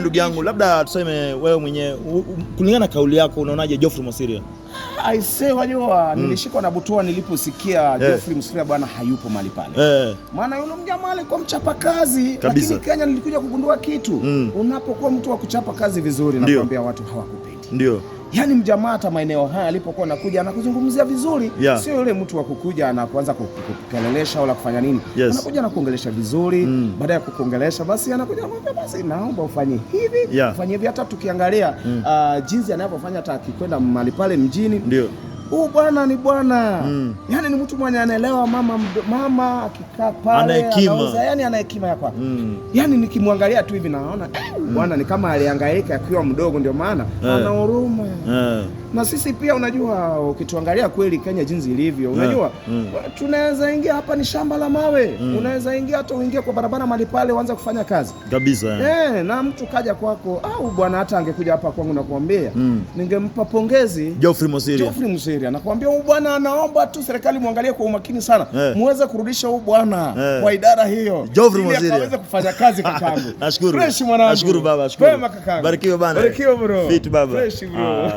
Ndugu yangu, labda tuseme wewe mwenyewe, kulingana na kauli yako, unaonaje Geoffrey Mosiria? Aise, wajua mm. nilishikwa na butoa niliposikia eh. Geoffrey Mosiria bwana hayupo mali pale eh. Maana yule mjamaa alikuwa mchapa kazi, lakini Kenya nilikuja kugundua kitu mm. unapokuwa mtu wa kuchapa kazi vizuri, nakwambia watu hawakupendi ndio yani mjamaa hata maeneo haya alipokuwa anakuja anakuzungumzia vizuri yeah. Sio yule mtu wa kukuja anakuanza kukelelesha au la kufanya nini yes. Anakuja anakuongelesha vizuri mm. Baada ya kukuongelesha basi anakuja basi naomba ufanye hivi yeah. Ufanye hivi hata tukiangalia mm. uh, jinsi anavyofanya hata akikwenda mahali pale mjini ndio huu bwana ni bwana mm. Yani ni mtu mwenye anaelewa mama, mama akikaa pale anauza, yani ana hekima ya kwake mm. Yani nikimwangalia tu hivi naona mm. bwana ni kama alihangaika akiwa mdogo, ndio maana yeah. ana huruma yeah. Na sisi pia unajua, ukituangalia kweli Kenya jinsi ilivyo, eh. unajua yeah. mm. tunaweza ingia hapa, ni shamba la mawe mm. unaweza ingia hata uingie kwa barabara mali pale uanze kufanya kazi kabisa yeah. Eh, na mtu kaja kwako au bwana, hata angekuja hapa kwangu nakuambia mm. ningempa pongezi Geoffrey Musiri, Geoffrey Musiri sheria nakwambia, huyu bwana anaomba tu serikali muangalie kwa umakini sana yeah. muweze kurudisha huyu bwana yeah. kwa idara hiyo ili aweze kufanya kazi kakangu. Nashukuru. Fresh mwanangu. Nashukuru baba, nashukuru. Barikiwe bana. Barikiwe bro. Fit baba. Fresh bro. Ah.